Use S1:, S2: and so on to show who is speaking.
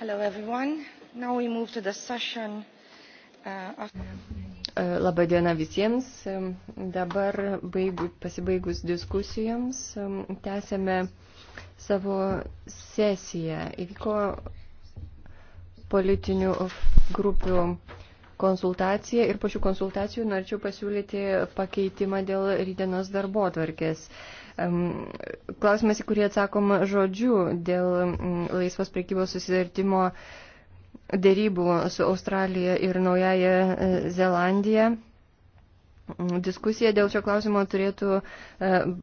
S1: Hello everyone. Now we move to the session
S2: uh, of... E, Labą dieną visiems. E, dabar baigu, pasibaigus diskusijoms e, tęsėme savo sesiją. Įvyko politinių grupių konsultaciją ir po šių konsultacijų norėčiau pasiūlyti pakeitimą dėl rydienos darbo atvarkės. Klausimas, į kurį atsakom žodžiu dėl mm, laisvos priekybos susidartimo dėrybų su Australija ir Naujaja e, Zelandija. Mm, diskusija dėl šio klausimo turėtų
S3: e,